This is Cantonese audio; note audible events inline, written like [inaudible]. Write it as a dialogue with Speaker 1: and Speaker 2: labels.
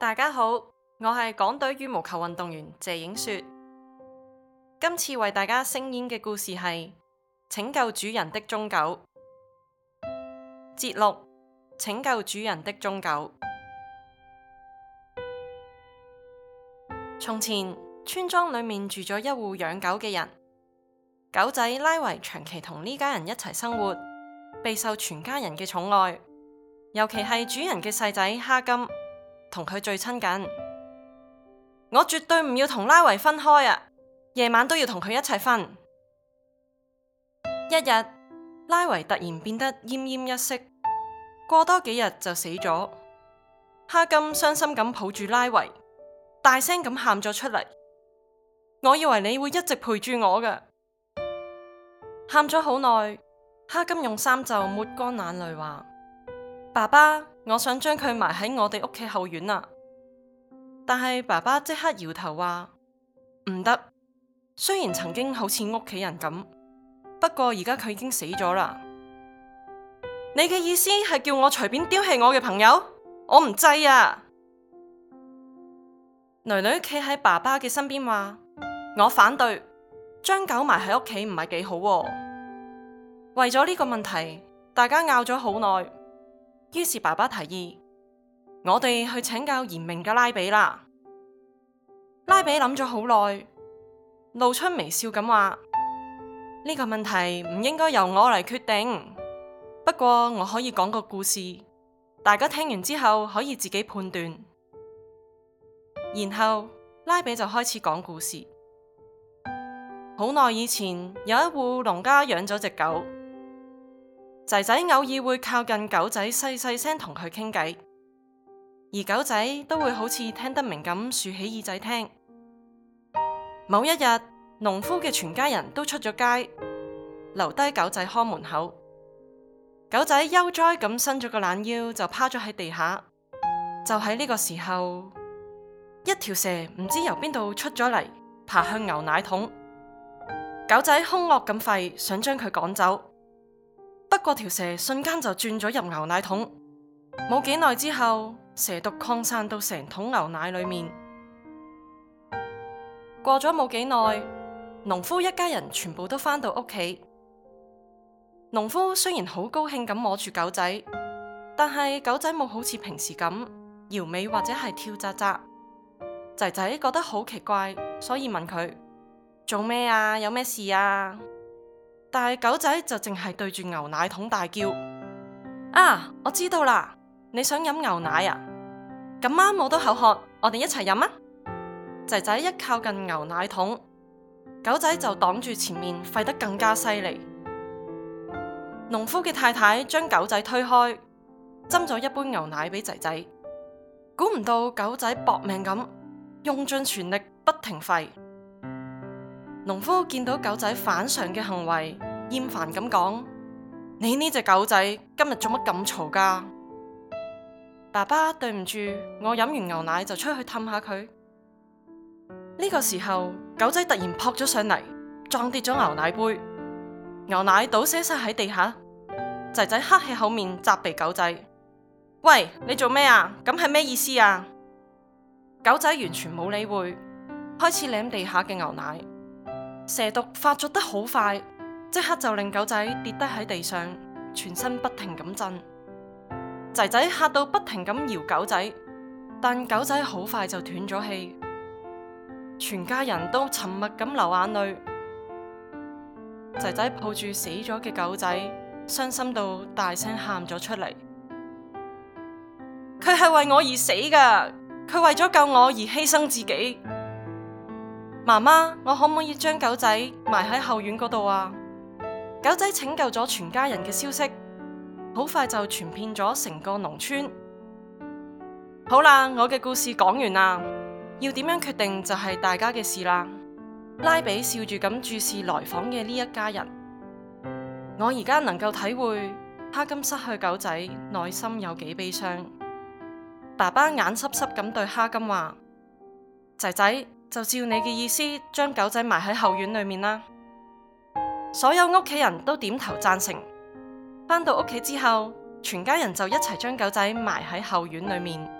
Speaker 1: 大家好，我係港隊羽毛球運動員謝影雪。今次為大家聲演嘅故事係《拯救主人的忠狗》。節錄《拯救主人的忠狗》。從前，村莊裏面住咗一戶養狗嘅人，狗仔拉維長期同呢家人一齊生活，備受全家人嘅寵愛，尤其係主人嘅細仔哈金。同佢最親近，我絕對唔要同拉維分開啊！夜晚都要同佢一齊瞓。一日，拉維突然變得奄奄一息，過多幾日就死咗。哈金傷心咁抱住拉維，大聲咁喊咗出嚟：我以為你會一直陪住我㗎。喊咗好耐，哈金用衫袖抹乾眼淚，話：爸爸。我想將佢埋喺我哋屋企後院啦，但係爸爸即刻搖頭話唔得。雖然曾經好似屋企人咁，不過而家佢已經死咗啦。你嘅意思係叫我隨便丟棄我嘅朋友？我唔制啊！囡囡企喺爸爸嘅身邊話：我反對，將狗埋喺屋企唔係幾好啊。為咗呢個問題，大家拗咗好耐。於是爸爸提議，我哋去請教賢明嘅拉比啦。拉比諗咗好耐，露出微笑咁話：呢個問題唔應該由我嚟決定，不過我可以講個故事，大家聽完之後可以自己判斷。然後拉比就開始講故事。好耐以前，有一戶農家養咗隻狗。仔仔偶爾會靠近狗仔，細細聲同佢傾偈，而狗仔都會好似聽得明咁豎起耳仔聽。某一日，農夫嘅全家人都出咗街，留低狗仔看門口。狗仔悠哉咁伸咗個懶腰，就趴咗喺地下。就喺呢個時候，一條蛇唔知由邊度出咗嚟，爬向牛奶桶。狗仔兇惡咁吠，想將佢趕走。不過條蛇瞬間就轉咗入牛奶桶，冇幾耐之後，蛇毒擴散到成桶牛奶裏面。過咗冇幾耐，農夫一家人全部都返到屋企。農夫雖然好高興咁摸住狗仔，但係狗仔冇好似平時咁搖尾或者係跳扎紮。仔仔覺得好奇怪，所以問佢做咩啊？有咩事啊？但係狗仔就淨係對住牛奶桶大叫，啊！我知道啦，你想飲牛奶呀、啊？咁啱我都口渴，我哋一齊飲啊！仔仔一靠近牛奶桶，狗仔就擋住前面吠得更加犀利。農夫嘅太太將狗仔推開，斟咗一杯牛奶俾仔仔。估唔到狗仔搏命咁，用盡全力不停吠。農夫見到狗仔反常嘅行為，厭煩咁講：「你呢隻狗仔今日做乜咁嘈㗎？爸爸對唔住，我飲完牛奶就出去氹下佢。呢個時候，狗仔突然撲咗上嚟，撞跌咗牛奶杯，牛奶倒瀉晒喺地下。仔仔黑起口面，責備狗仔：「喂，你做咩啊？咁係咩意思啊？狗仔完全冇理會，開始舐地下嘅牛奶。蛇毒發作得好快，即刻就令狗仔跌低喺地上，全身不停咁震。仔仔嚇到不停咁搖狗仔，但狗仔好快就斷咗氣。全家人都沉默咁流眼淚。仔仔抱住死咗嘅狗仔，傷心到大聲喊咗出嚟。佢係 [music] 為我而死㗎，佢為咗救我而犧牲自己。媽媽，我可唔可以將狗仔埋喺後院嗰度啊？狗仔拯救咗全家人嘅消息，好快就傳遍咗成個農村。好啦，我嘅故事講完啦，要點樣決定就係大家嘅事啦。拉比笑住咁注視來訪嘅呢一家人。我而家能夠體會，哈金失去狗仔，內心有幾悲傷。爸爸眼濕濕咁對哈金話：仔仔。就照你嘅意思，將狗仔埋喺後院裏面啦。所有屋企人都點頭贊成。返到屋企之後，全家人就一齊將狗仔埋喺後院裏面。